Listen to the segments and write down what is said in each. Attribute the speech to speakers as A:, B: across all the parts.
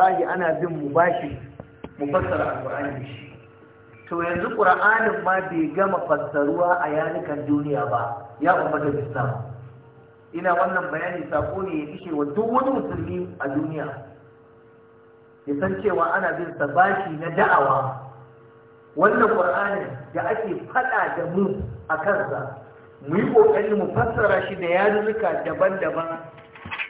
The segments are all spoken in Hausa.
A: sai ana bin mu bashi mu fassara alqur'ani shi to yanzu qur'anin ma bai gama fassaruwa a yanukan duniya ba ya ummatul islam ina wannan bayani sako ne ya ishe wa duk wani musulmi a duniya ya san cewa ana bin sa bashi na da'awa wannan qur'anin da ake fada da mu a kansa mu yi kokari mu fassara shi da yarurruka daban-daban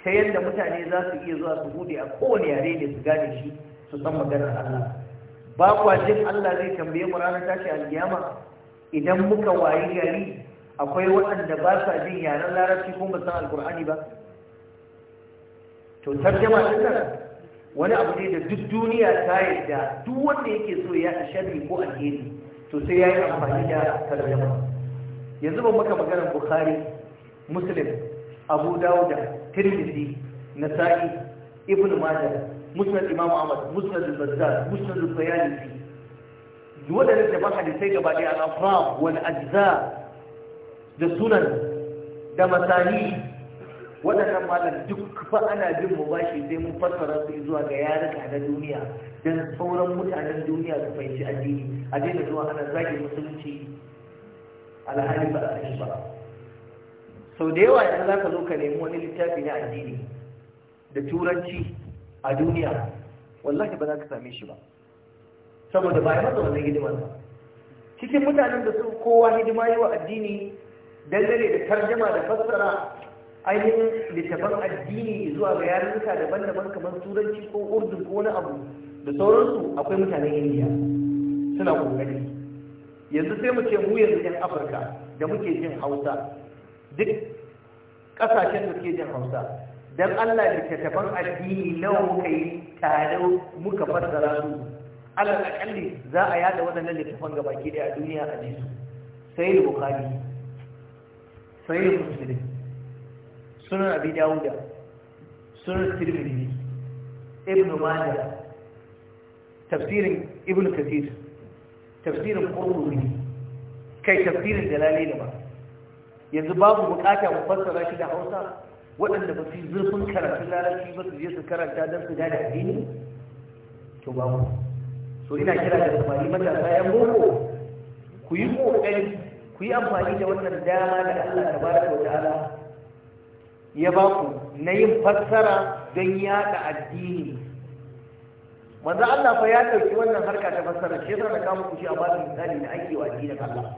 A: ta yadda mutane za su iya zuwa su bude a kowane yare ne su gane shi su san maganar Allah ba kwa jin Allah zai tambaye mu ranar tashi alkiyama idan muka wayi gari akwai waɗanda ba sa jin yaren larabci ko san alkur'ani ba to tarjama din nan wani abu ne da duk duniya ta da duk wanda yake so ya sharri ko alheri to sai ya yi amfani da tarjama yanzu ba maka maganar bukhari muslim abu dawuda tirmidhi nasa'i ibn majah musnad imam ahmad musnad al-bazzar musnad al-bayani waɗanda ban hadisai gaba ɗaya al'afram wani ajiza da sunan da masani waɗannan malar duk fa ana bin mu bashi sai mun fassara su zuwa ga yaruka na duniya da sauran mutanen duniya su fahimci addini a daina zuwa ana zagi musulunci alhali ba a ba sau da yawa idan za ka zo ka nemi wani littafi na addini da turanci a duniya wallahi ba za ka same shi ba saboda ba ya masa wannan hidimar ba cikin mutanen da su kowa hidima yi wa addini dandare da tarjama da fassara ainihin littafan addini zuwa ga yarinka daban-daban kamar turanci ko urdu ko wani abu da sauransu akwai mutanen indiya suna kokari yanzu sai mu ce mu yanzu yan afirka da muke jin hausa duk ƙasashen da suke jin hausa don allah littattafan addini nawa muka yi tare muka fassara su alal akalli za a yada waɗannan littattafan gaba ke a duniya a jisu sai da bukari sai da musulun sunan abin dawuda sunan tirmidhi ibn majah tafsirin ibn kathir tafsirin qurtubi kai tafsirin da ba yanzu babu bukata mu fassara shi da hausa waɗanda ba su yi zurfin karatun larabci ba su je su karanta don su gane addini to babu so ina kira da samari matasa yan boko ku yi ƙoƙari ku yi amfani da wannan dama da Allah ta baraka wa ta'ala ya ba ku na yin fassara don yaɗa addini manzo Allah fa ya ɗauki wannan harka ta fassara shi yasa na kama ku shi a ba misali da ake wa addinin Allah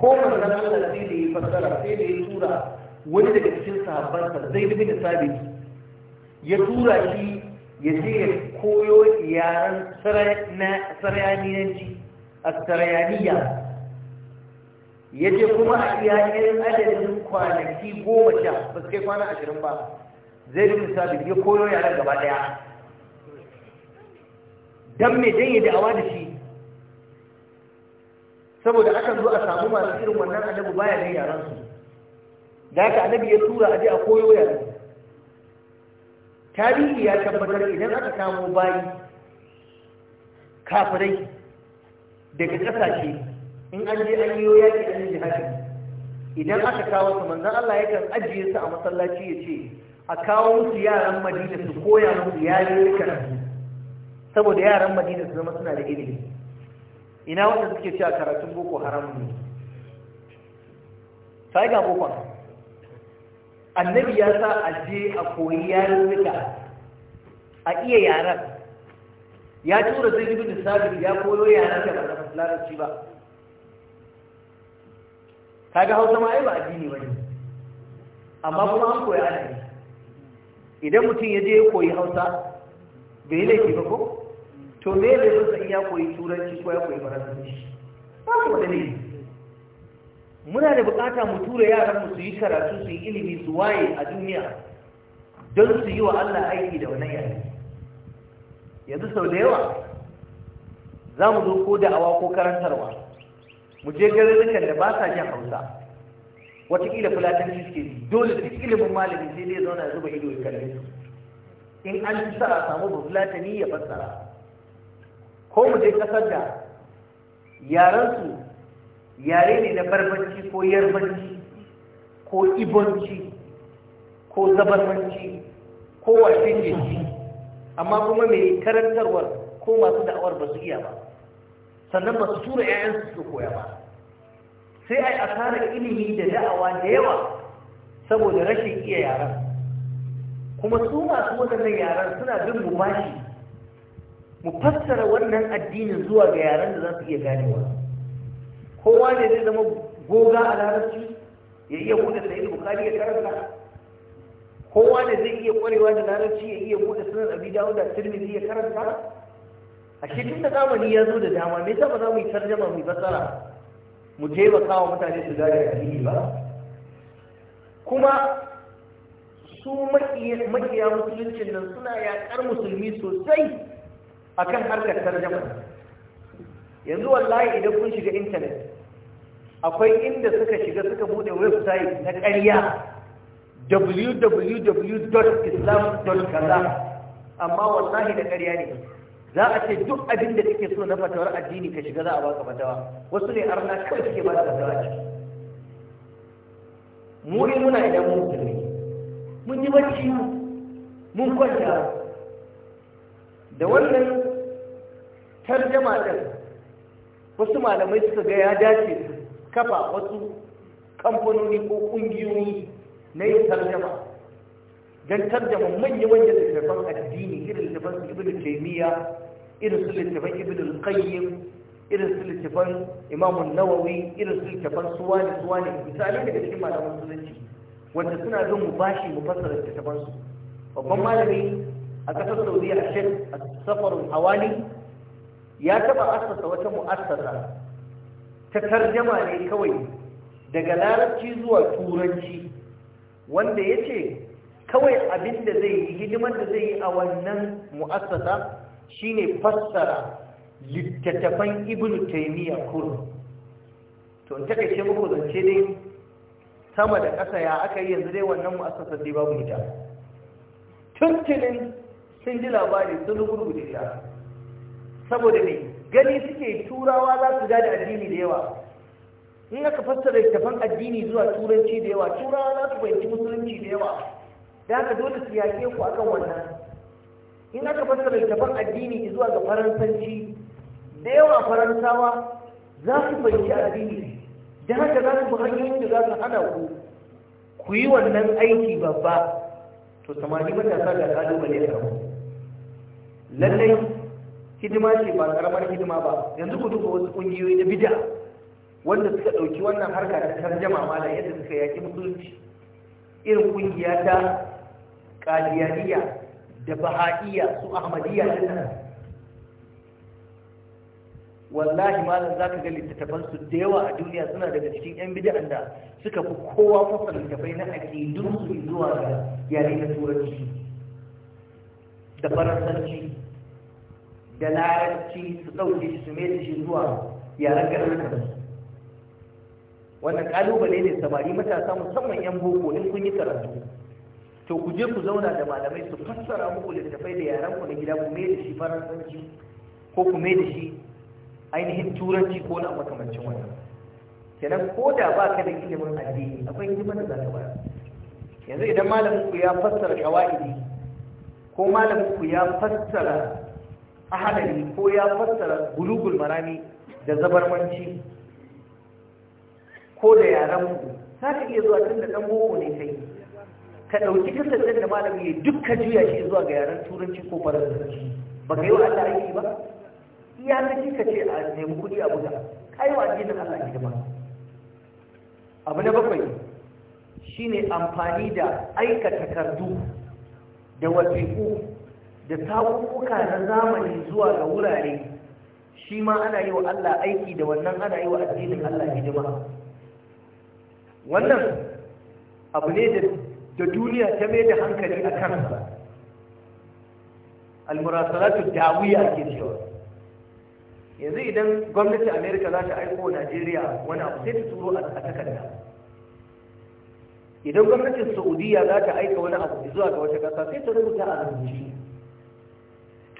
A: ko manzon Allah sai da ya fassara sai da ya tura wani daga cikin sahabbansa zai dubi da sabit ya tura shi ya je ya koyo yaran sarayaniyanci a sarayaniya ya je kuma a iya irin adadin kwanaki goma sha ba su kai kwana ashirin ba zai dubi sabit ya koyo yaran gaba daya dan mai dan da awa da shi saboda akan zo a samu masu irin wannan annabi baya ne yaran su da haka annabi ya tura aje a koyo yaran tarihi ya tabbatar idan aka samo bayi kafirai daga kasashe in an je an yiwo yaƙi an yi jihadi idan aka kawo su manzan Allah yakan ajiye su a masallaci ya ce a kawo musu yaran Madina su koya musu yayin karatu saboda yaran Madina su zama suna da ilimi ina wanda suke cewa karatun boko haram ne sai ga boko annabi ya sa aje a koyi suka a iya yaran ya tura zai ibn sabit ya koyo yaran da ba larabci ba kaga hausa ma ai ba addini bane amma kuma an koyi ana idan mutum ya je ya koyi hausa bai laifi ba ko to me da yanzu san ya koyi turanci ko ya koyi faransanci ba su wani ne muna da bukata mu tura yaran mu su yi karatu su yi ilimi su waye a duniya don su yi wa Allah aiki da wannan yare yanzu sau da yawa za mu zo ko da'awa ko karantarwa mu je dukkan da ba sa jin hausa watakila fulatanci suke yi. dole su ilimin malamin sai dai zauna zuba ido ya kalle su in an ci sa a samu fulatani ya fassara ko mu je kasar da yarensu yare ne na barbanci ko yarbanci ko ibonci ko zabarbanci, ko washe jinci amma kuma mai karantarwar ko masu da'awar ba su iya ba sannan ba su tura 'ya'yansu su koya ba sai a yi ilimi da da'awa da yawa saboda rashin iya yaran kuma su masu wadannan yaren suna bin mu bashi mu fassara wannan addinin zuwa ga yaran da za su iya ganewa kowa ne zai zama goga a larabci ya iya buɗe sayi bukari ya karanta kowa ne zai iya ƙwarewa da larabci ya iya buɗe sunan abi dawo da tirmidhi ya karanta a cikin da zamani ya zo da dama me yasa ba za mu yi tarjama mu fassara mu taimaka wa mutane su gane addini ba kuma su makiya musuluncin nan suna yaƙar musulmi sosai akan harkar tarjama yanzu wallahi idan kun shiga intanet akwai inda suka shiga suka bude website na ƙarya www.islam.kaza amma wallahi da ƙarya ne za a ce duk abin da kake so na fatawar addini ka shiga za a baka fatawa wasu ne arna kawai suke ba da fatawa ciki mu ne muna idan mun musulmi mun yi bacci mun kwanta da wannan tarjama ɗin wasu malamai suka ga ya dace su kafa wasu kamfanoni ko ƙungiyoyi na yin tarjama don tarjama manya-manyan littattafan addini irin littattafan ibn taymiya irin su littattafan ibn al-qayyim irin su littattafan imam nawawi irin su littattafan suwani suwani misali daga cikin malaman sunanci wanda suna zan mu bashi mu fassara littattafan su babban malami a kasar saudiya a shek a safarun hawali ya taba asasa wata mu'assasa ta tarjama ne kawai daga larabci zuwa turanci wanda ya ce kawai abin da zai yi hidimar da zai yi a wannan mu'assasa shine fassara littattafan ibn taymiya kullu to in take ce muku zance dai sama da ƙasa ya aka yi yanzu dai wannan mu'assasa dai babu ita tuntunin sun ji labari sun rubuta saboda me gani suke turawa za su gada addini da yawa in aka fassara tafan addini zuwa turanci da yawa turawa za su fahimci musulunci da yawa da haka dole su yaƙe ku akan wannan in aka fassara tafan addini zuwa ga faransanci da yawa faransawa za su fahimci addini da haka za su bi hanyoyin da za su hana ku ku yi wannan aiki babba to samari matasa ga kalubale a lallai hidima ce ba karamar hidima ba yanzu ku duba wasu kungiyoyi na bid'a wanda suka ɗauki wannan harka da tarjama mala yadda suka yaki musulunci irin kungiya ta qadiyaniya da bahaiya su ahmadiyya da wallahi malam zaka ga littattafan su da yawa a duniya suna daga cikin yan bida da suka fi kowa fasa littattafai na aqidun su zuwa ga yare na turanci da faransanci da larabci su ɗauke shi su mai shi zuwa yaren garin wannan kalubale ne samari matasa musamman yan boko in kun yi karatu to ku je ku zauna da malamai su fassara muku littattafai da yaran ku na gida ku mai da shi faransanci ko ku mai da shi ainihin turanci ko na makamancin wannan kenan ko da ba ka da ilimin addini akwai hikimar da za ka bayar yanzu idan malamin ku ya fassara kawai ko malamin ku ya fassara ahalari ko ya fassara gulugul marami da zabarmanci ko da yaran mu za ka iya zuwa tun da ɗan boko ne kai ka ɗauki kasar da malami ya ka juya shi zuwa ga yaren turanci ko faransanci ba ka yi wa Allah aiki ba iya kika ka ce a nemi kuɗi a buga ka yi wa addinin Allah ba. abu na bakwai shine amfani da aika takardu da wasiƙu da takukuka na zamani zuwa ga wurare shi ma ana yi wa Allah aiki da wannan ana yi wa addinin Allah hidima wannan abu ne da duniya ta mai da hankali a kansa almurasalatu dawiya ke cewa yanzu idan gwamnati amerika za ta aiko najeriya wani abu sai ta turo a takarda idan gwamnatin saudiya za ta aika wani abu zuwa ga wata kasa sai ta rubuta a rubuce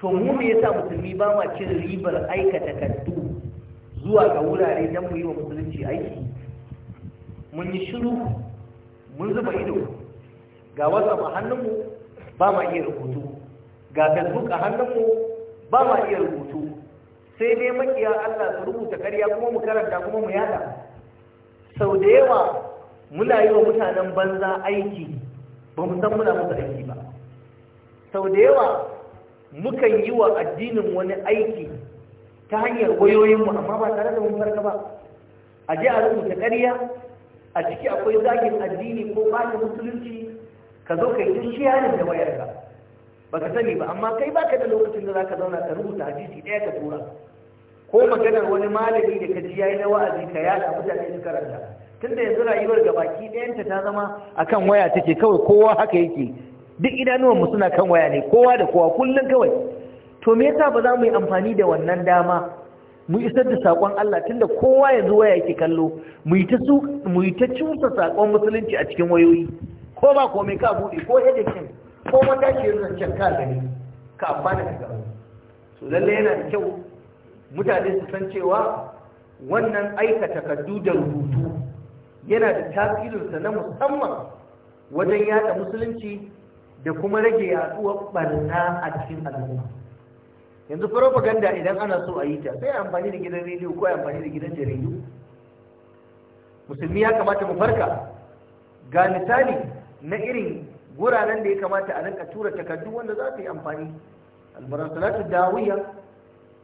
A: to mu me yasa musulmi ba ma cin ribar aikata kaddu zuwa ga wurare don mu yi wa musulunci aiki mun yi shiru mun zuba ido ga whatsapp a hannunmu ba ma iya rubutu ga facebook a hannunmu ba ma iya rubutu sai dai makiya allah su rubuta karya kuma mu karanta kuma mu yada sau da yawa muna yi wa mutanen banza aiki ba mu san muna musu aiki ba sau da yawa mukan yi wa addinin wani aiki ta hanyar wayoyinmu amma ba tare da mun farka ba a je a rubuta ƙarya a ciki akwai zagin addini ko ta musulunci ka zo ka yi ta shiyanin da wayarka ba ka sani ba amma kai ba ka da lokacin da za ka zauna ka rubuta hadisi ɗaya ka tura ko maganar wani malami da ka ji yi na wa'azi ka yaɗa mutane su karanta tunda yanzu rayuwar gabaki ɗayanta ta zama akan waya take kawai kowa haka yake duk idanuwan mu suna kan waya ne kowa da kowa kullun kawai to me yasa ba za mu yi amfani da wannan dama mu isar da sakon Allah tunda kowa yanzu waya yake kallo mu yi ta su mu yi ta cusa sakon musulunci a cikin wayoyi ko ba komai ka bude ko kin ko ke yanzu can ka gani ka amfana da gaba so lalle yana da kyau mutane su san cewa wannan aika takardu da rubutu yana da tasirinsa na musamman wajen yada musulunci da kuma rage yaduwar barna a cikin al'umma yanzu propaganda idan ana so a yi ta sai amfani da gidan rediyo ko amfani da gidan jaridu musulmi ya kamata mu farka ga misali na irin guraren da ya kamata a rinka tura takardu wanda za su yi amfani salatu dawiya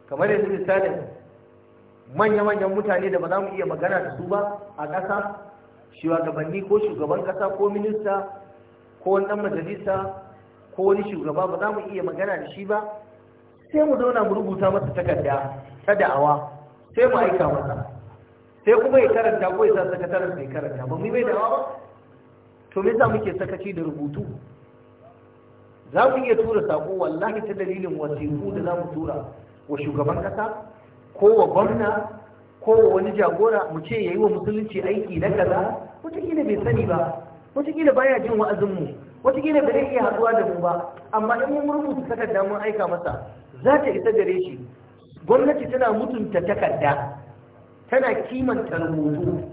A: kamar yanzu misalin manya-manyan mutane da ba za mu iya magana da su ba a ƙasa shugabanni ko shugaban ƙasa ko minista ko wani ɗan majalisa ko wani shugaba ba za mu iya magana da shi ba sai mu zauna mu rubuta masa takarda ta da'awa sai mu aika masa sai kuma ya karanta ko ya sa sakataren sai karanta ba mu bai da'awa ba to me yasa muke sakaci da rubutu za mu iya tura sako wallahi ta dalilin wasiku da za mu tura wa shugaban kasa ko wa gwamna ko wa wani jagora mu ce yayi wa musulunci aiki na kaza kila bai sani ba wataƙila baya jin wa'azinmu wataƙila ba zai iya haɗuwa da mu ba amma in mun rubuta takarda mun aika masa za ta isa gare shi gwamnati tana mutunta takarda tana kimanta rubutu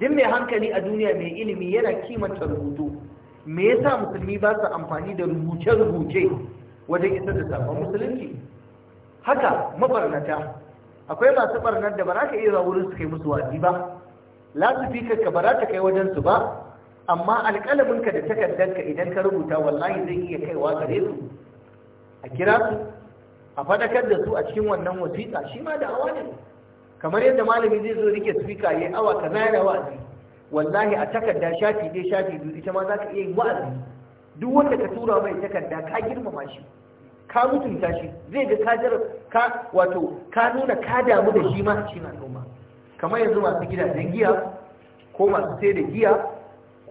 A: duk mai hankali a duniya mai ilimi yana kimanta rubutu me yasa musulmi ba su amfani da rubuce-rubuce wajen isar da sabon musulunci haka mabarnata akwai masu barnar da ba za ka iya zuwa wurin su kai musu ba ka ba za ta kai wajen su ba amma alƙalaminka da takardarka idan ka rubuta wallahi zai iya kaiwa gare su a kira su a faɗakar da su a cikin wannan wasiƙa shi ma da awa ne kamar yadda malami zai zo rike spika ya awa ka yana wa'azi wallahi a takarda shafi ne shafi biyu ita ma za ka iya yin wa'azi duk wanda ka tura mai takarda ka girmama shi ka mutunta shi zai ga ka jar ka wato ka nuna ka damu da shi ma cikin al'umma kamar yanzu masu gidajen giya ko masu sai da giya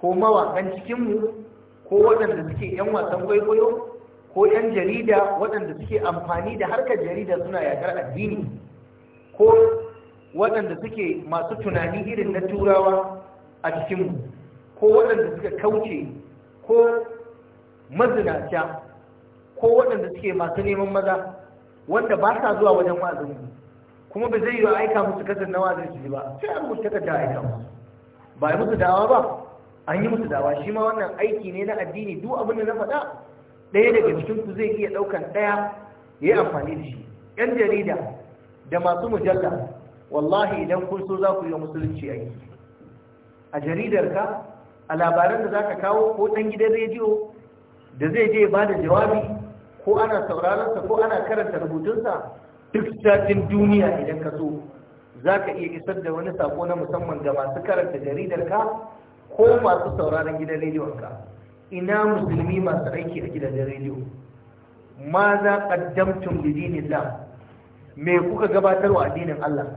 A: ko mawakan cikinmu ko waɗanda suke 'yan wasan kwaikwayo ko 'yan jarida waɗanda suke amfani da harkar jarida suna yakar addini ko waɗanda suke masu tunani irin na turawa a cikinmu ko waɗanda suka kauce ko mazinaca ko waɗanda suke masu neman maza wanda ba sa zuwa wajen wa'azinmu kuma ba zai yi aika musu kasar na wazin su ba sai an rubuta takarda aika musu ba yi musu dawa ba an yi musu dawa shi ma wannan aiki ne na addini duk abin da na faɗa ɗaya daga cikin ku zai iya ɗaukan ɗaya ya yi amfani da shi yan jarida da masu mujalla wallahi idan kun so za ku yi musulunci aiki a jaridar ka a labaran da za ka kawo ko ɗan gidan rediyo da zai je ba da jawabi ko ana sauraron sa ko ana karanta rubutunsa duk satin duniya idan ka so za ka iya isar da wani sako na musamman ga masu karanta jaridar ka ko masu sauraron gidan rediyon ka ina musulmi masu aiki a gidajen rediyo ma za qaddamtum li da me kuka gabatarwa addinin Allah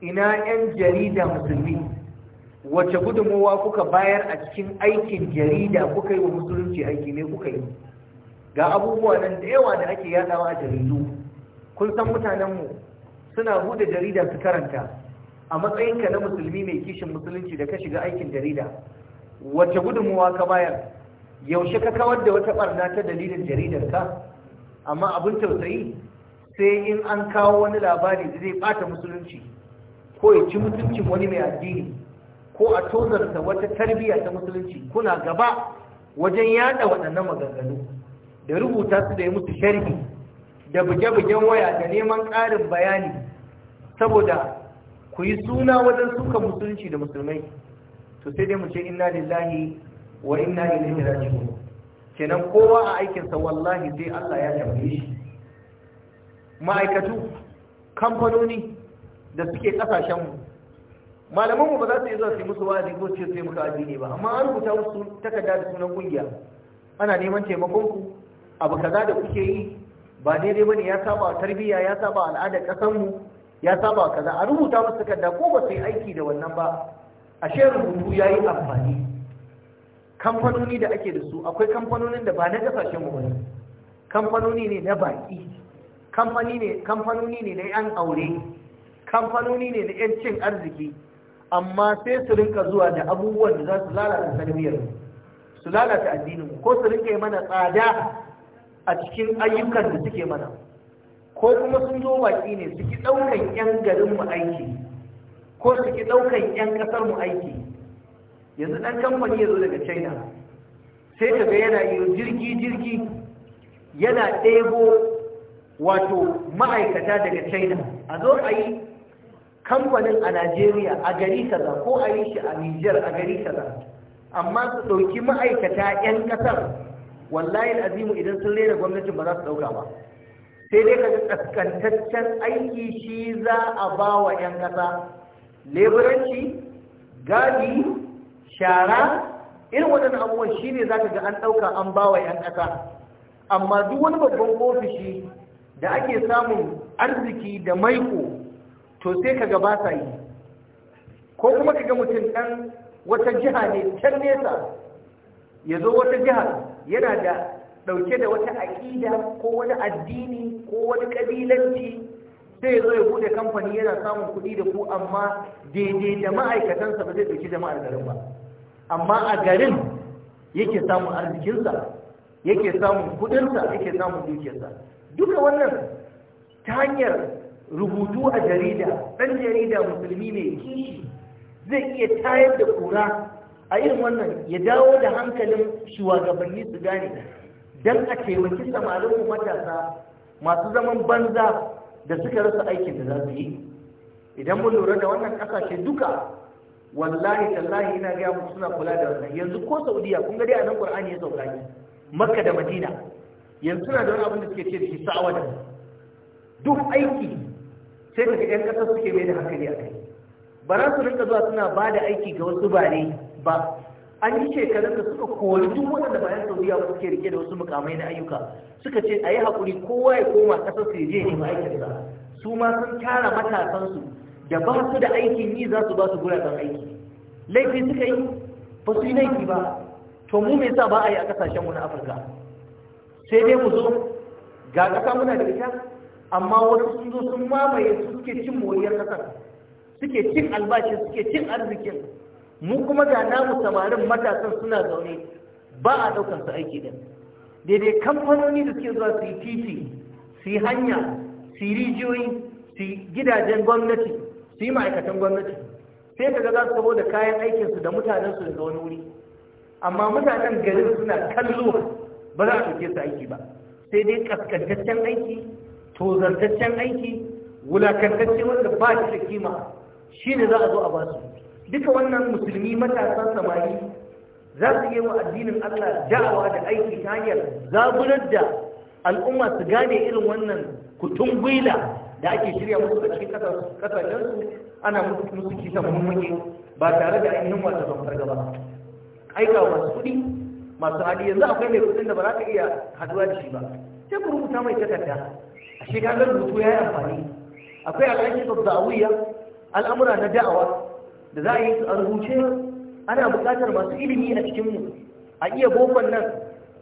A: ina yan jarida musulmi wace gudunmowa kuka bayar a cikin aikin jarida kuka yi wa musulunci aiki ne kuka yi ga abubuwa nan da yawa da ake yadawa a jaridu kun san mutanenmu suna bude jarida su karanta a matsayinka na musulmi mai kishin musulunci da ka shiga aikin jarida wace gudunmuwa ka bayar yaushe ka kawar da wata barna ta dalilin jaridar jaridarka amma abin tausayi sai in an kawo wani labari da zai bata musulunci ko ya ci mutuncin wani mai addini ko a tozarta wata tarbiyya ta musulunci kuna gaba wajen yada waɗannan maganganu da rubuta su da ya mutu sharhi da buge-bugen waya da neman ƙarin bayani saboda ku yi suna wajen suka musulunci da musulmai to sai dai mu ce inna lillahi wa inna ilaihi raji'un kenan kowa a aikinsa wallahi sai Allah ya tambaye shi ma'aikatu kamfanoni da suke kasashen mu malaman mu ba za su yi zuwa su musu wa'azi ko ce yi muka addini ba amma an rubuta musu takarda da sunan kungiya ana neman taimakon ku abu kaza da kuke yi ba daidai bane ya saba tarbiyya ya saba al'adar kasar mu ya saba kaza a rubuta masa takarda ko ba su yi aiki da wannan ba A ashe rubutu ya yi amfani kamfanoni da ake da su akwai kamfanonin da ba na kasashen mu bane kamfanoni ne na baki kamfani ne kamfanoni ne na yan aure kamfanoni ne na yan cin arziki amma sai su rinka zuwa da abubuwan da za su lalata tarbiyyar su lalata addinin ko su rinka yi mana tsada a cikin ayyukan da suke mana ko kuma sun zo baki ne su ki ɗaukan 'yan garinmu aiki ko su ki ɗaukan 'yan mu aiki yanzu ɗan kamfani ya zo daga china sai ka ga yana yi jirgi-jirgi yana ɗebo wato ma'aikata daga china a zo a yi kamfanin a nigeria a gari kaza ko a yi shi a niger a gari kaza amma su ɗauki ma'aikata 'yan ƙasar wallahi azimu idan sun rera gwamnatin ba za su ɗauka ba sai dai ka tsakantaccen aiki shi za a ba wa 'yan ƙasa leburanci gadi shara irin waɗannan abubuwan shi ne za ka ga an ɗauka an ba wa 'yan ƙasa amma duk wani babban ofishi da ake samun arziki da maiko to sai ka ga sa yi ko kuma ka ga mutum ɗan wata jiha ne can nesa ya zo wata jiha yana da dauke da wata aƙida ko wani addini ko wani ƙabilanci sai zo ya bude kamfani yana samun kuɗi da ku amma daidai da ma'aikatansa ba zai dauki jama'ar garin ba amma a garin yake samun arzikinsa yake samun kuɗinsa yake samun dukiyarsa duka wannan ta hanyar rubutu a jarida ɗan jarida musulmi mai kishi zai iya tayar da kura a irin wannan ya dawo da hankalin shugabanni su gane don a taimaki samarin matasa masu zaman banza da suka rasa aikin da za su yi idan mun lura da wannan kasashe duka wallahi tallahi ina gaya mu suna kula da wannan yanzu ko saudiya kun ga dai a nan qur'ani ya sauka ne makka da madina yanzu suna da wani abin da suke ce da shi sa'awada duk aiki sai daga yan kasar suke mai da hankali a kai ba za su rinka zuwa suna ba da aiki ga wasu bare ba an yi shekarun da suka kori duk waɗanda bayan sauriya ko ke rike da wasu mukamai na ayyuka suka ce a yi haƙuri kowa ya koma ƙasar su je ne aikinsa, su ma sun tara matasansu da ba su da aikin yi za su ba su guraɗen aiki laifi suka yi ba su yi laifi ba to mu me sa ba a yi a ƙasashenmu na afirka sai dai mu zo ga ƙasa muna da ita amma wasu sun zo sun mamaye su suke cin moriyar ƙasar suke cin albashi suke cin arzikin mu kuma ga namu samarin matasan suna zaune ba a ɗaukar su aiki ɗin daidai kamfanoni da suke zuwa su yi titi su yi hanya su yi rijiyoyi su yi gidajen gwamnati su yi ma'aikatan gwamnati sai ka za su da kayan aikinsu da mutanensu da wani wuri amma mutanen garin suna kallo ba za a ɗauke su aiki ba sai dai kaskantaccen aiki tozartaccen aiki wulakantaccen wanda ba shi da kima shi za a zo a ba duka wannan musulmi matasan samari za su yi wa addinin Allah da'awa da aiki ta hanyar zaburar da al'umma su gane irin wannan kutun gwila da ake shirya musu a cikin kasashensu ana musu kisan mummuni ba tare da ainihin wata zamfar ba. aika masu kuɗi masu hali yanzu akwai mai kuɗin da ba za ka iya haduwa da shi ba sai ku rubuta mai takarda a shekarar rubutu ya yi amfani akwai alhakin da al'amura na da'awa da za a yi su a rubuce ana buƙatar masu ilimi a cikinmu a iya bokon nan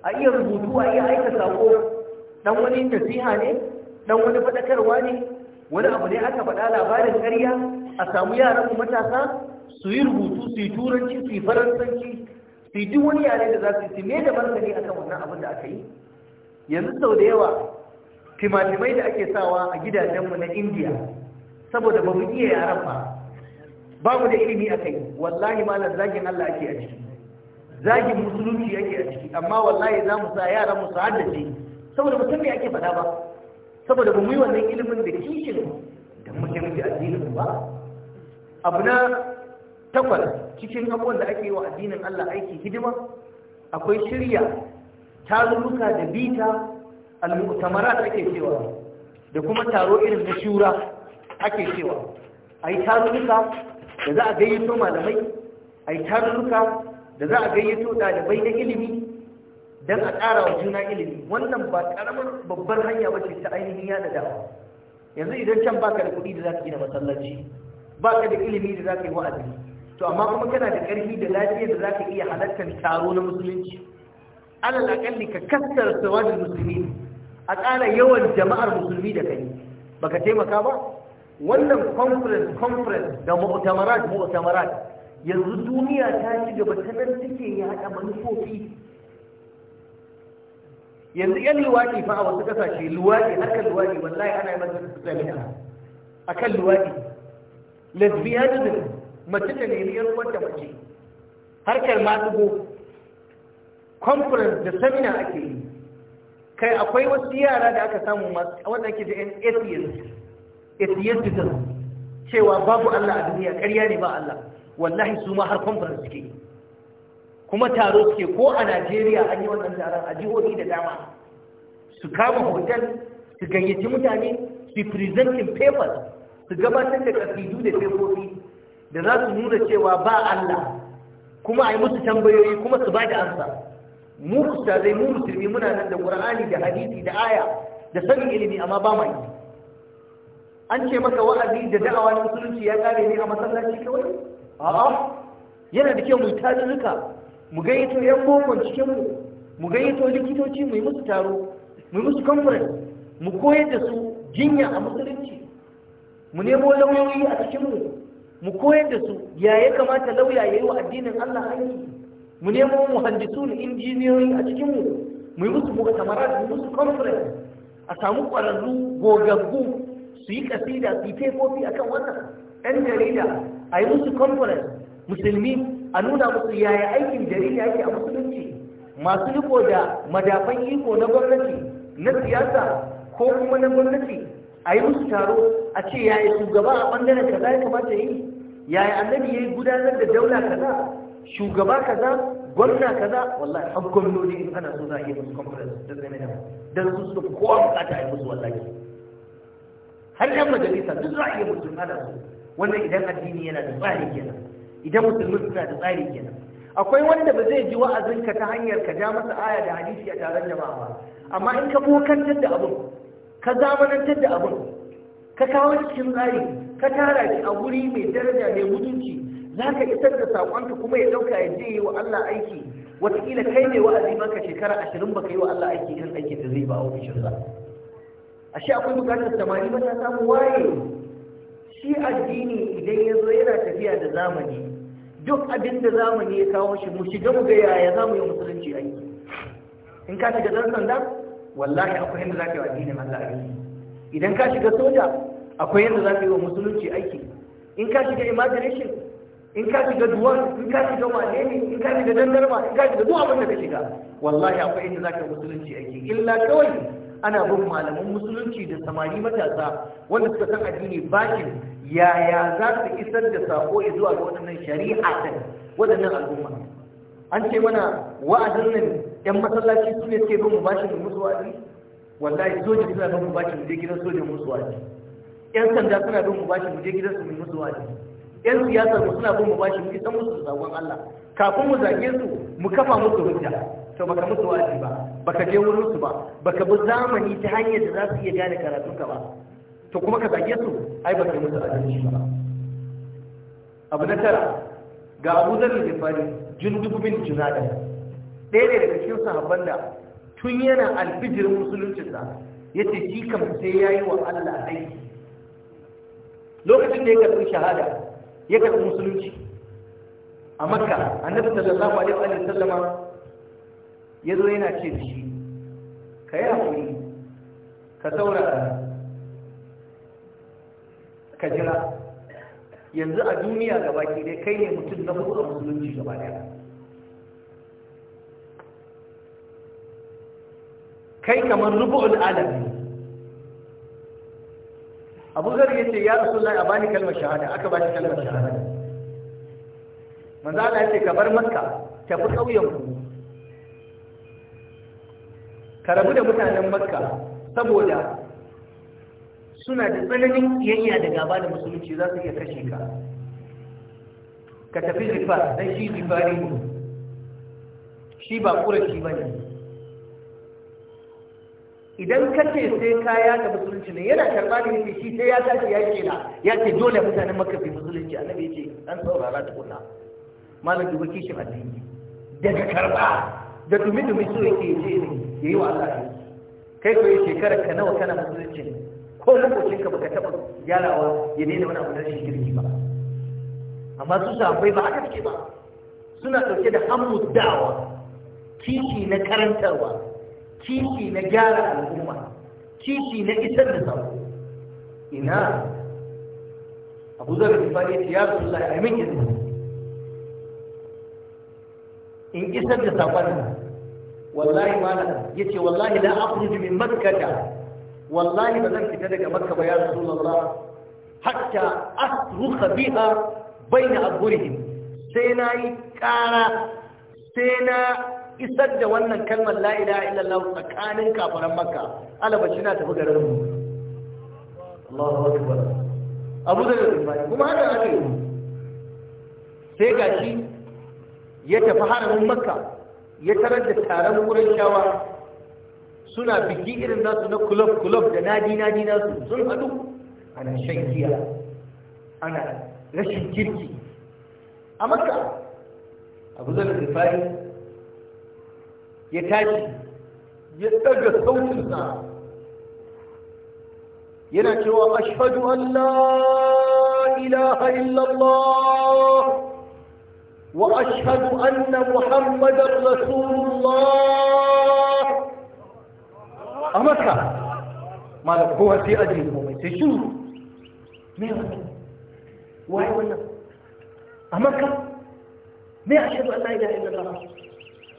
A: a iya rubutu a iya aika sako dan wani nasiha ne dan wani faɗakarwa ne wani abu ne aka faɗa labarin ƙarya a samu yaran matasa su yi rubutu su yi turanci su yi faransanci su yi duk wani yare da za su yi me da martani akan wannan abin da aka yi yanzu sau da yawa timatimai da ake sawa a gidajenmu na indiya saboda ba mu iya yaran ba ba mu da ilimi a kai wallahi malam zagin Allah ake a ciki zagin musulunci ake a ciki amma wallahi za mu sa yaran mu sa haddace saboda mutum ne ake faɗa ba saboda mu yi wannan ilimin da kishin da muhimmanci addinin ba abu na takwas cikin abubuwan da ake yi wa addinin Allah aiki hidima akwai shirya tarurruka da bita al-mu'tamarat ake cewa da kuma taro irin na shura ake cewa ai tarurruka da za a gayyato malamai a yi tarurruka da za a gayyato ɗalibai na ilimi don a ƙara wa juna ilimi wannan ba ƙaramar babbar hanya ba ce ta ainihin yada dawa yanzu idan can baka da kuɗi da za ka gina masallaci baka da ilimi da za ka yi wa'azi to amma kuma kana da ƙarfi da lafiya da za ka iya halartar taro na musulunci alal aƙalli ka kassar sawadin musulmi a ƙara yawan jama'ar musulmi da kai baka taimaka ba wannan conference conference da mu'tamarat mu'tamarat yanzu duniya ta ci gaba ta nan take hada manufofi yanzu yan luwaɗi fa a wasu kasashe luwaɗi akan luwaɗi wallahi ana yi masa a kan luwaɗi lesbianism mace ta nemi yan da mace harkar matsugo conference da seminar ake yi kai akwai wasu yara da aka samu masu wanda ake da yan atheist atheisticism cewa babu Allah a duniya ƙarya ne ba Allah wallahi su ma har conference suke kuma taro suke ko a Najeriya an yi wannan taron a jihohi da dama su kama hotel su gayyaci mutane su presenting papers su gabatar da kasidu da fefofi da za su nuna cewa ba Allah kuma a yi musu tambayoyi kuma su ba da amsa mu ustazai mu musulmi muna nan da qur'ani da hadisi da aya da sanin ilimi amma ba mu yi an ce maka wa'azi da da'awa na musulunci ya kare ne a masallaci kawai a'a yana da kyau mu tarurruka mu gayyato yan bokon cikin mu mu gayyato likitoci mu yi musu taro mu yi musu conference mu koyar da su jinya a musulunci mu nemo lauyoyi a cikin mu mu koyar da su ya ya kamata lauya ya yi wa addinin Allah aiki mu nemo muhandisun injiniyoyi a cikin mu mu yi musu mu'tamarat mu musu conference a samu ƙwararru gogaggu su yi kasida su yi taifofi kan wannan ɗan jarida a yi musu conference musulmi a nuna musu yaya aikin jarida yake a musulunci masu riko da madafan iko na gwamnati na siyasa ko kuma na gwamnati a yi musu taro a ce yaya shugaba a ɓangaren kaza ya kamata yi yaya annabi ya yi gudanar da daula kaza shugaba kaza gwamna kaza wallahi har gwamnoni in ana so za a yi musu conference da zai da su su kowa bukata a yi musu wallahi har yan majalisa duk za a iya mutum da su wannan idan addini yana da tsari kenan idan musulmi suna da tsari kenan akwai wanda ba zai ji wa'azinka ta hanyar ka ja masa aya da hadisi a taron jama'a ba amma in ka bokantar da abin ka zamanantar da abin ka kawo cikin tsari ka tara shi a wuri mai daraja mai mutunci za ka isar da saƙonka kuma ya ɗauka ya je yi wa Allah aiki wataƙila kai mai wa'azi maka shekara ashirin baka yi wa Allah aiki irin aikin da zai ba a ofishin ashe akwai bukatar samari matasa samu waye shi addini idan ya zo yana tafiya da zamani duk abin da zamani ya kawo shi mu shiga mu ga yaya za mu yi musulunci aiki in ka shiga dan sanda wallahi akwai yadda za ka yi addinin Allah aiki idan ka shiga soja akwai yadda za ka yi wa musulunci aiki in ka shiga imagination in ka shiga duwan in ka shiga wane ne in ka shiga dandarma in ka shiga duk abin da ka shiga wallahi akwai yadda za ka yi musulunci aiki illa kawai ana bin malaman musulunci da samari matasa wanda suka san addini bakin yaya za su isar da sako zuwa ga waɗannan shari'a ta waɗannan al'umma an ce mana wa'azin nan yan masallaci su ne suke bin mu bashin musu wa'azi wallahi soja suna bin mu bashin gidan soja musu wa'azi yan sanda suna bin mu bashin gidan su musu wa'azi yan siyasar suna bin mu bashin mu musu da sakon Allah kafin mu zage su mu kafa musu hujja to baka musu wa'azi ba baka je wurin su ba baka bi zamani ta hanyar da za su iya gane karatun ka ba to kuma ka zage su ai baka musu adalci ba abu na tara ga Abu zan al-Ghifari jin bin Junadah ɗaya ne daga cikin sahabban da tun yana alfijirin ya ce shi kam sai yi wa Allah aiki lokacin da ya karɓi shahada ya karɓi musulunci a makka annabi sallallahu alaihi wa sallama ya zo yana ce shi ka yi haƙuri ka saurara ka jira yanzu a duniya gaba ke dai kai ne mutum na hudu a musulunci gaba daya kai kamar rubu'ul alami abu zar ya ce ya rasu lai a bani kalmar shahada aka bani kalmar shahada Manzana ya ce ka bar makka tafi ƙauyenku ka rabu da mutanen makka saboda suna da tsananin kiyayya da gaba da musulunci za su iya kashe ka ka tafi zifa don shi zifa ne shi ba shi ba ne idan ka ce sai ka yaka musulunci ne yana karba da yake shi sai ya tashi ya ce na ya ce dole mutanen makka fi musulunci a nabi ce an saurara tukuna malam duba kishin addini daga karɓa da dumi-dumi so yake ce ne ya yi wa Allah aiki kai ko shekarar ka nawa kana musulunci ko lokacin ka baka taɓa gyarawa ya daina wani abu na shi girki ba amma su sa bai ba aka ce ba suna ɗauke da hammu da'awa na karantarwa kiki na gyara al'umma kiki na isar da sabo ina abu zar rufari ya rasu sai a min izini in isar da saƙon wallahi malam yace wallahi la akhruju min makkah wallahi ba zan fita daga makka ba ya rasulullah hatta asrukha biha baina aburihim sai na yi kara sai na isar da wannan kalmar la ilaha illallah tsakanin kafiran makka alabashi na tafi garin mu Allahu akbar Abu Dawud al-Bukhari kuma haka ake sai gashi ya tafi harin makka ya tarar da taron wurin shawa suna biki irin nasu na kulob-kulob da nadi-nadi nasu sun haɗu ana shan giya ana rashin kirki a maka abu zan rufari ya tashi ya ɗaga sautin sautinsa yana cewa ashadu an la ilaha illallah وأشهد أن محمدا رسول الله أمتى ما لك هو في أجل المؤمن تشوف مين وهي ولا أمتى ما أشهد أن لا إله إلا الله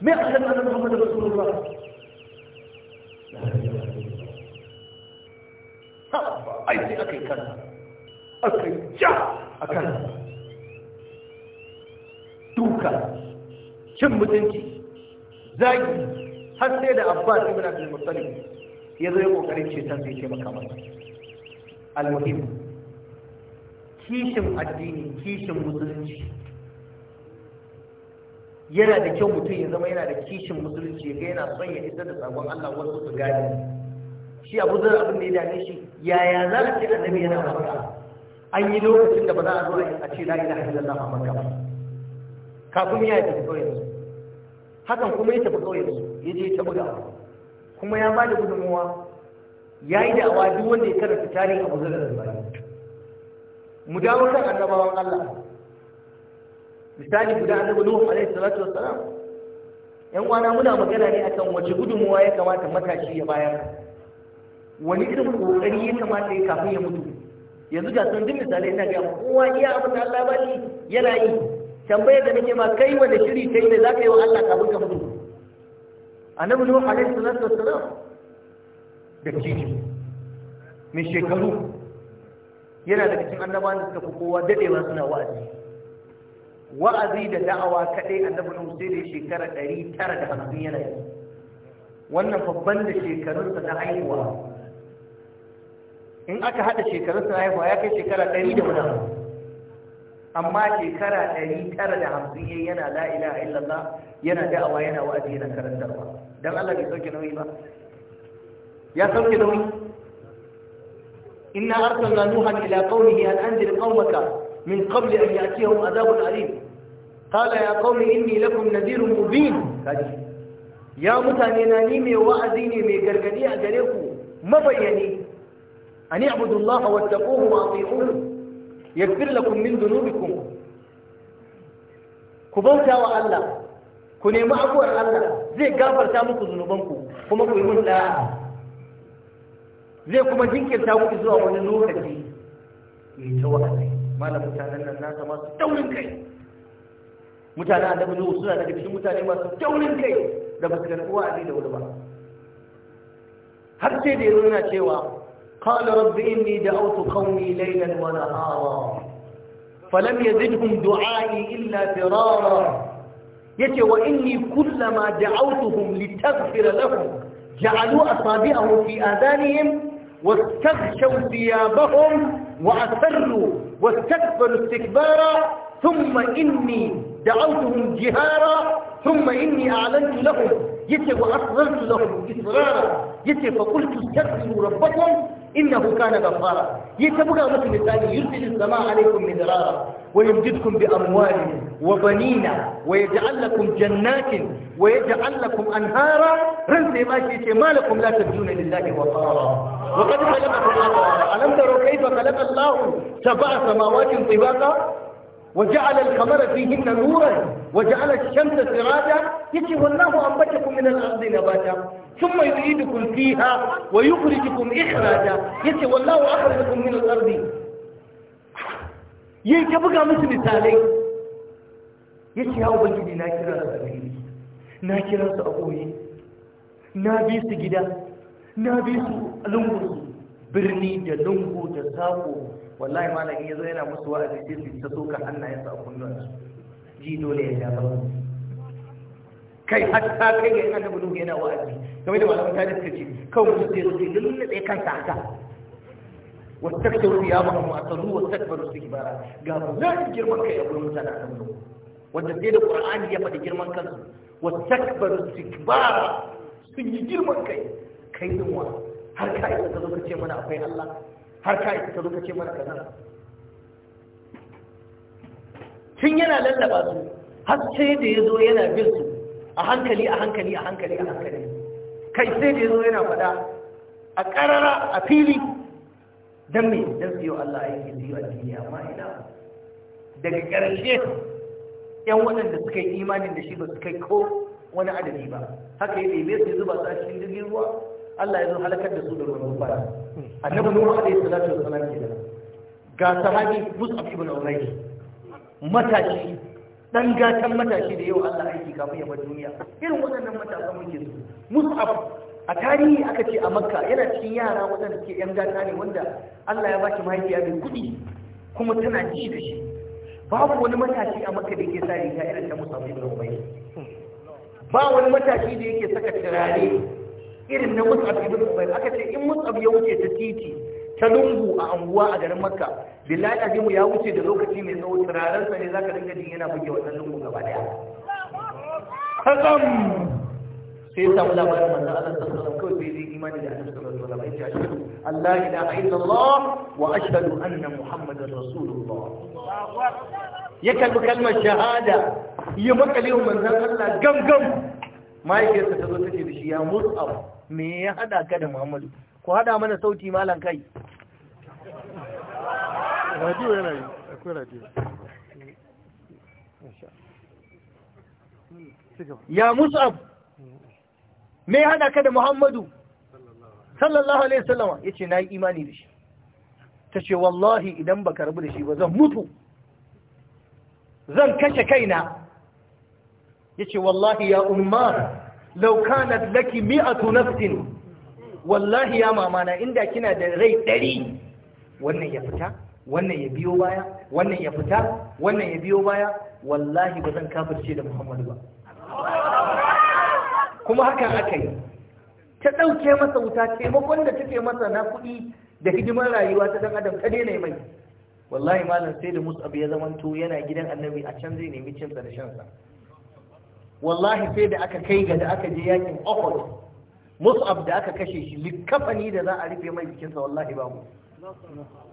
A: ما أشهد أن محمدا رسول الله أي أكل كذا أكل جاه أكل duka cin mutunci zagi har sai da su ibn abdul musali ya zo ya kokarin ceton sai ce maka Al almuhim kishin addini kishin musulunci yana da kyau mutum ya zama yana da kishin musulunci ga yana son ya isar da sabon Allah wasu su gane shi abu zan abin da ya dame shi yaya za a ce annabi yana maka an yi lokacin da ba za a zo a ce la ilaha illallah a maka ba kafin ya tafi kauyen su hakan kuma ya tafi kauyen su ya je ta buga kuma ya bada gudunmuwa ya yi da'awa duk wanda ya karanta tarihin abu zarar da bayan mu dawo kan annabawan Allah misali guda annabi Nuhu alaihi salatu wassalam yan uwana muna magana ne akan wace gudunmuwa ya kamata matashi ya bayar wani irin kokari ya kamata ya kafin ya mutu yanzu ga sun duk misalai ina ga kowa iya abin da Allah ya bani yana yi tambayar da nake ma kai wanda shiri kai ne za ka yi wa Allah kafin ka mutu annabi nuhu alaihi salatu wassalam da kiji mai shekaru yana da cikin annabawan da suka fi kowa dadewa suna wa'azi wa'azi da da'awa kadai annabi nuhu sai da shekara ɗari tara da hamsin yana yi wannan babban da shekarunsa na haihuwa in aka haɗa shekarunsa na haihuwa ya kai shekara ɗari da wani amma shekara ɗari tara da hamsin yayi yana la ilaha illallah yana da'awa yana wa'azi yana karantarwa dan Allah bai sauke nauyi ba ya sauke nauyi inna arsalna nuha ila qaumihi an anzir qaumaka min qabl an ya'tihum adhabun alim qala ya qaumi inni lakum nadhirun mubin kaji ya mutane na ni mai wa'azi ne mai gargadi a gare ku mabayyani ani abudullaha wattaquhu wa ati'uhu Ya fi lakun min dhunubikum ku bauta wa Allah ku nemi abuwar Allah zai gafarta muku zunubanku kuma ku yi mun da'a zai kuma jinkirta muku zuwa wani lokaci mai tawa ne. malamin mutanen nan nasa masu taurin kai mutanen annabi nuhu suna daga cikin mutane masu taurin kai da ba su karɓi wa'azi da wuri ba har sai da yana cewa قال رب إني دعوت قومي ليلا ونهارا فلم يزدهم دعائي إلا فرارا يتي وإني كلما دعوتهم لتغفر لهم جعلوا أصابعهم في آذانهم واستغشوا ثيابهم وأسروا واستكبروا استكبارا ثم إني دعوتهم جهارا ثم إني أعلنت لهم يتي وأصررت لهم إصرارا يتي فقلت استغفروا ربكم إنه كان غفارا يتبقى مثل ثاني يرسل السماء عليكم مدرارا ويمددكم بأموال وبنين ويجعل لكم جنات ويجعل لكم أنهارا رزق ما شئت ما لكم لا تبدون لله وقارا وقد خلق الله ألم تروا كيف خلق الله سبع سماوات طباقا وجعل القمر فيهن نورا وجعل الشمس سراجا يجب والله أنبتكم من الأرض نباتا ثم يعيدكم فيها ويخرجكم إخراجا يجب والله أخرجكم من الأرض يجب أن يكون مثالي يجي يا أبنجي ناكرا سبيلي ناكرا سأقوي نابي سجدا نابي سألنبس برني دلنبو تساقو wallahi malami yazo yana musu wa'azi sai su ta soka hannayensu a kunnuwansu ji dole ya ja ba kai hatta kai ga yana da duka yana wa'azi kamar da malamin tarihi ta ce kawai mutum sai su lullube kansa haka واستكبروا ثيابهم واعتروا واستكبروا استكبارا قالوا لا تجرمك يا ابو موسى لا تمنوا والدليل القران يفد جرمك واستكبروا استكبارا sun yi girman kai kai nuwa har ka yi ka ka ce mana akwai Allah har ka isa ka ce mana kaza tun yana lallaba su har sai da ya zo yana bin su a hankali a hankali a hankali a hankali kai sai da ya zo yana faɗa a ƙarara a fili don me don su Allah aiki su yi addini amma ina daga ƙarshe yan waɗanda suka yi imanin da shi ba su kai ko wani adadi ba haka ya ɗebe su zuba su a cikin jirgin ruwa Allah ya zo halakar da su da ruwan baya annabi nuhu alaihi salatu wassalam ke da ga sahabi mus'ab ibn umayr matashi dan gatan matashi da yau Allah aiki kafin ya bar duniya irin waɗannan matasan muke su mus'ab a tarihi aka ce a makka yana cikin yara waɗanda ke yan gata ne wanda Allah ya baki mahaifiya mai kuɗi kuma tana ji da shi babu wani matashi a makka da yake sa riga irin ta musamman ibn ubai ba wani matashi da yake saka turare irin na mus'ab ibn ubayr aka ce in mus'ab ya wuce ta titi ta lungu a anguwa a garin makka billahi azimu ya wuce da lokaci mai tsawo turaren sa ne zaka dinga jin yana buge wannan lungu gaba daya kazam sai samu labarin manzo Allah sallallahu alaihi wasallam kawai bai imani da Allah sallallahu alaihi wasallam ashhadu an la ilaha illallah wa ashhadu anna muhammadar rasulullah ya kalbi kalmar shahada ya makale manzon Allah gam gam mahaifiyarsa ta zo take da shi ya mus'ab me ya hada ka da Muhammadu ku hada mana sauti malam kai
B: radio yana yi
A: akwai radio ya mus'ab me ya hada ka da Muhammadu sallallahu alaihi wasallam yace nayi imani da shi tace wallahi idan baka rabu da shi ba zan mutu zan kashe kaina yace wallahi ya ummar law kanat laki mi'atu nafsin wallahi ya mamana inda kina da rai ɗari wannan ya fita wannan ya biyo baya wannan ya fita wannan ya biyo baya wallahi ba zan kafirce da Muhammadu ba kuma hakan aka yi ta ɗauke masa wuta taimakon da take masa na kuɗi da hidimar rayuwa ta ɗan adam ta daina mai wallahi malam sai da mus'ab ya zamanto yana gidan annabi a can zai nemi cinsa da shansa wallahi sai da aka kai ga da aka je yakin Uhud Mus'ab da aka kashe shi likafani da za a rufe mai jikinsa wallahi babu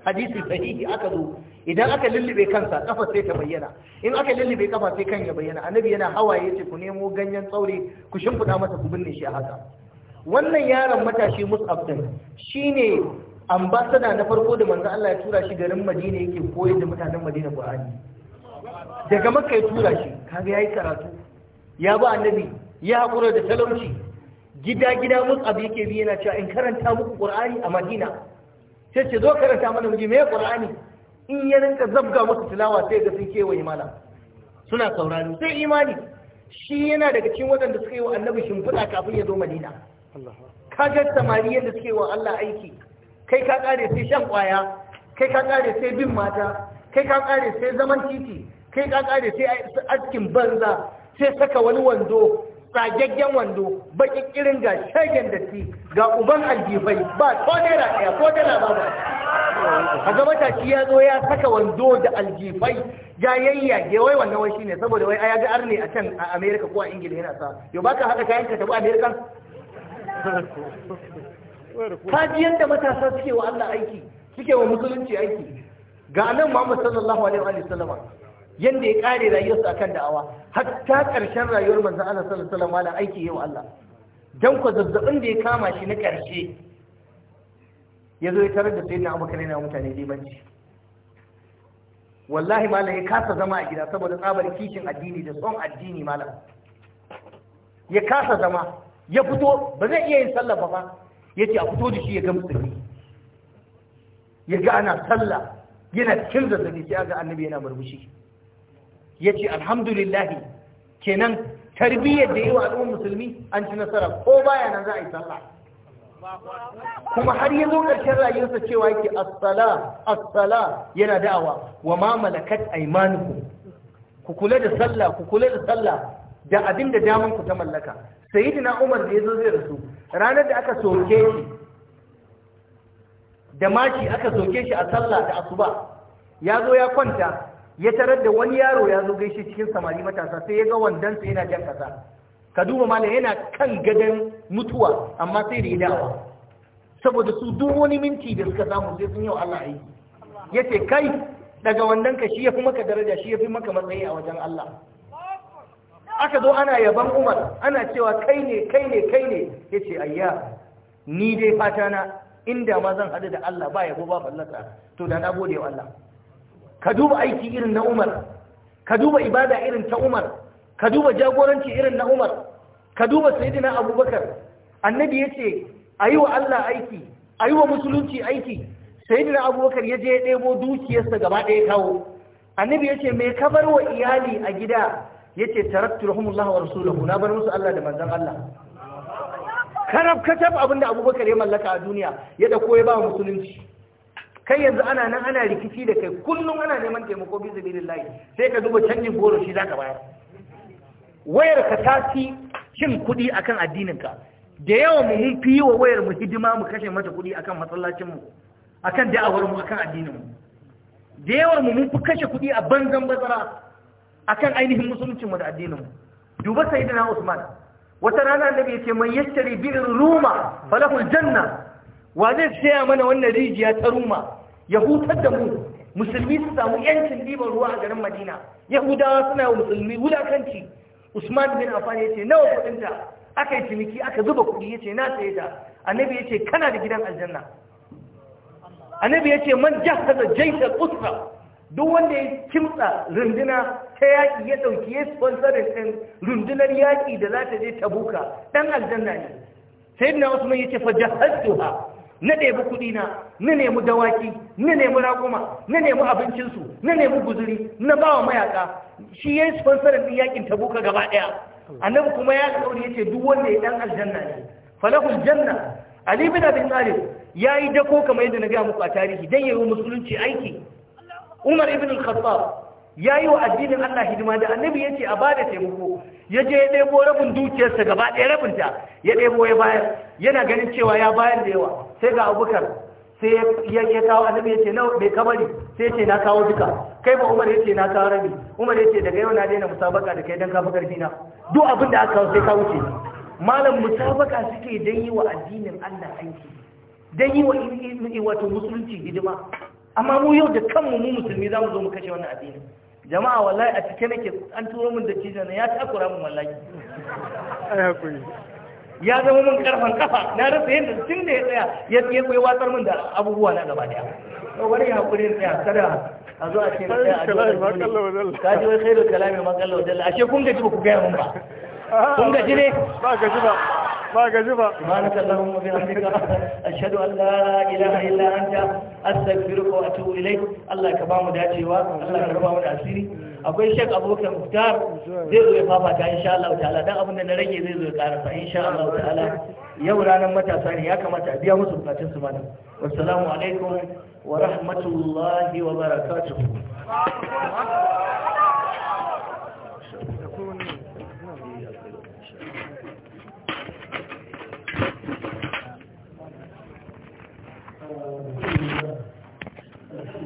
A: hadisi sahihi aka zo idan aka lullube kansa kafa sai ta bayyana in aka lullube kafa sai kan ya bayyana annabi yana hawaye ce ku nemo ganyen tsaure ku shimfiɗa masa ku binne shi a haka wannan yaron matashi Mus'ab din shine ambasada na farko da manzo Allah ya tura shi garin Madina yake koyar da mutanen Madina Qur'ani
B: daga Makka ya tura shi
A: kaga yayi karatu ya ba annabi ya haƙura da talauci gida gida abu yake bi yana cewa in karanta muku ƙur'ani a madina sai ce zo karanta mana miji me ƙur'ani. in ya rinka zabga musu tilawa sai ga sun kewaye mala suna saurari. sai imani shi yana daga cikin waɗanda suka yi wa annabi shimfiɗa kafin ya zo madina ka ga samari yadda suke wa Allah aiki kai ka ƙare sai shan kwaya kai ka ƙare sai bin mata kai ka ƙare sai zaman titi kai ka kare sai askin banza sai saka wani wando tsagaggen wando ba kirin ga shagen da ti ga uban aljifai ba ko naira ɗaya ko dala ba ba a ga matashi ya zo ya saka wando da aljifai ya yayyage wai wannan wai shine saboda wai ya ga arne a can a america ko a ingila yana sa yau baka haka kayan ka tabu america ka ji yadda matasa suke wa allah aiki suke wa musulunci aiki ga nan muhammad sallallahu alaihi wa sallama yadda ya kare rayuwarsa akan da'awa hatta karshen rayuwar manzon Allah sallallahu alaihi wasallam wala aiki yau Allah dan ko zazzabin da ya kama shi na karshe ya zo ya tarar da sayyidina Abubakar yana mutane libanci wallahi malam ya kasa zama a gida saboda tsabar kishin addini da son addini malam ya kasa zama ya fito ba zai iya yin sallah ba ya ce a fito da shi ya ga musulmi ya ga ana sallah yana cikin zazzabi sai ga annabi yana murmushi ya ce alhamdulillahi kenan tarbiyyar da yi wa al'ummar musulmi an ci nasara ko baya nan za a yi sallah kuma har ya zo ƙarshen rayuwarsa cewa yake assala assala yana da'awa wa ma malakat aymanukum ku kula da sallah ku kula da sallah da abin da daman ku ta mallaka sayyidina Umar da yazo zai rasu ranar da aka soke shi da maki aka soke shi a sallah da asuba ya zo ya kwanta ya tarar da wani yaro ya zo gaishe cikin samari matasa sai ya ga wandonsa yana jan kasa ka duba mala yana kan gadon mutuwa amma sai da idawa saboda su duk wani minti da suka samu sai sun yau Allah yi ya ce kai daga wandon ka shi ya fi maka daraja shi ya fi maka matsayi a wajen Allah
B: aka zo ana yaban umar ana cewa
A: kai ne kai ne kai ne ya ce ayya ni dai fata na inda ma zan hadu da Allah ba yabo ba fallasa to da na gode wa Allah ka duba aiki irin na umar ka duba ibada irin ta umar ka duba jagoranci irin na umar ka duba sayidina abubakar annabi ya ce a yi wa allah aiki a yi wa musulunci aiki sayidina abubakar ya je ya ɗebo dukiyarsa gaba ɗaya kawo annabi ya ce mai kabar wa iyali a gida ya ce taraktu rahimullah wa na bar musu allah da manzan allah karab katab abinda abubakar ya mallaka a duniya ya ɗauko ya ba musulunci kai yanzu ana nan ana rikici da kai kullum ana neman taimako bi sabilillahi sai ka duba canjin goro shi ka bayar wayar ka ta fi cin kuɗi akan addinin ka da yawan mu mun fi wa wayar mu hidima mu kashe mata kuɗi akan masallacin mu akan da'awar mu akan addinin mu da yawan mu mun fi kashe kuɗi a banzan bazara akan ainihin musulunci mu da addinin mu duba sayyidina Usman wata rana annabi yace man yashtari bi ruma falahu janna, wa zai saya mana wannan rijiya ta ruma ya hutar da mu musulmi su samu yancin ɗiban ruwa a garin madina yahudawa suna yi musulmi wulakanci usman bin affan ya ce nawa kuɗinta aka yi ciniki aka zuba kuɗi ya ce na saye ta annabi ya ce kana da gidan aljanna annabi ya ce man da jaishal usra duk wanda ya kimsa runduna ta yaƙi ya ɗauki ya sponsorin ɗin rundunar yaƙi da za ta je tabuka ɗan aljanna ne sayyidina usman ya ce fa jahaztuha na ɗebi kuɗi na na nemi dawaki na nemi raƙuma na nemi abincinsu na nemi guzuri na ba wa mayaƙa shi ya yi sponsorin ɗin yakin tabuka gaba ɗaya annabi kuma ya alƙawari ya ce duk wanda ya ɗan aljanna ne falahul janna ali bin abin talib ya yi dako kamar yadda na gaya muku a tarihi dan yi musulunci aiki umar ibn al-khattab ya yi wa addinin Allah hidima da annabi ya ce a ba da taimako ya je ya ɗebo rabin dukiyarsa gaba ɗaya rabinta ya ɗebo ya bayar yana ganin cewa ya bayar da yawa sai ga abubakar sai ya kawo annabi ya ce na bai kamari sai ya ce na kawo duka kai ba umar ya ce na kawo rabi umar ya ce daga yau na daina musabaka da kai don kafa karfi na duk abin da aka kawo sai ka wuce malam musabaka suke don yi wa addinin Allah aiki don yi wa wato musulunci hidima amma mu yau da kanmu mu musulmi za mu zo mu kashe wannan addini jama'a wallahi a cike nake an turo min da cijin ya takura min wallahi ya zama min karfan kafa na rasa yadda tun da ya tsaya ya tsaye kai watsar min da abubuwa na gaba daya to bari ya hakuri tsaya kada a zo a ce na tsaya a dole ka ji wai khairu kalami ma kallahu jalla ashe kun gaji ba ku gaya mun ba ah. kun gaji ne ba gaji ba ba ga ji ba subhanaka allahumma wa bihamdika ashhadu an la ka dacewa asiri akwai shek abokan muftar zai zo ya fafata insha Allah ta'ala dan abin da na rage zai zo ya karasa insha Allah ta'ala yau ranar matasa ne ya kamata a biya musu bukatun su malam wassalamu alaikum wa rahmatullahi wa barakatuh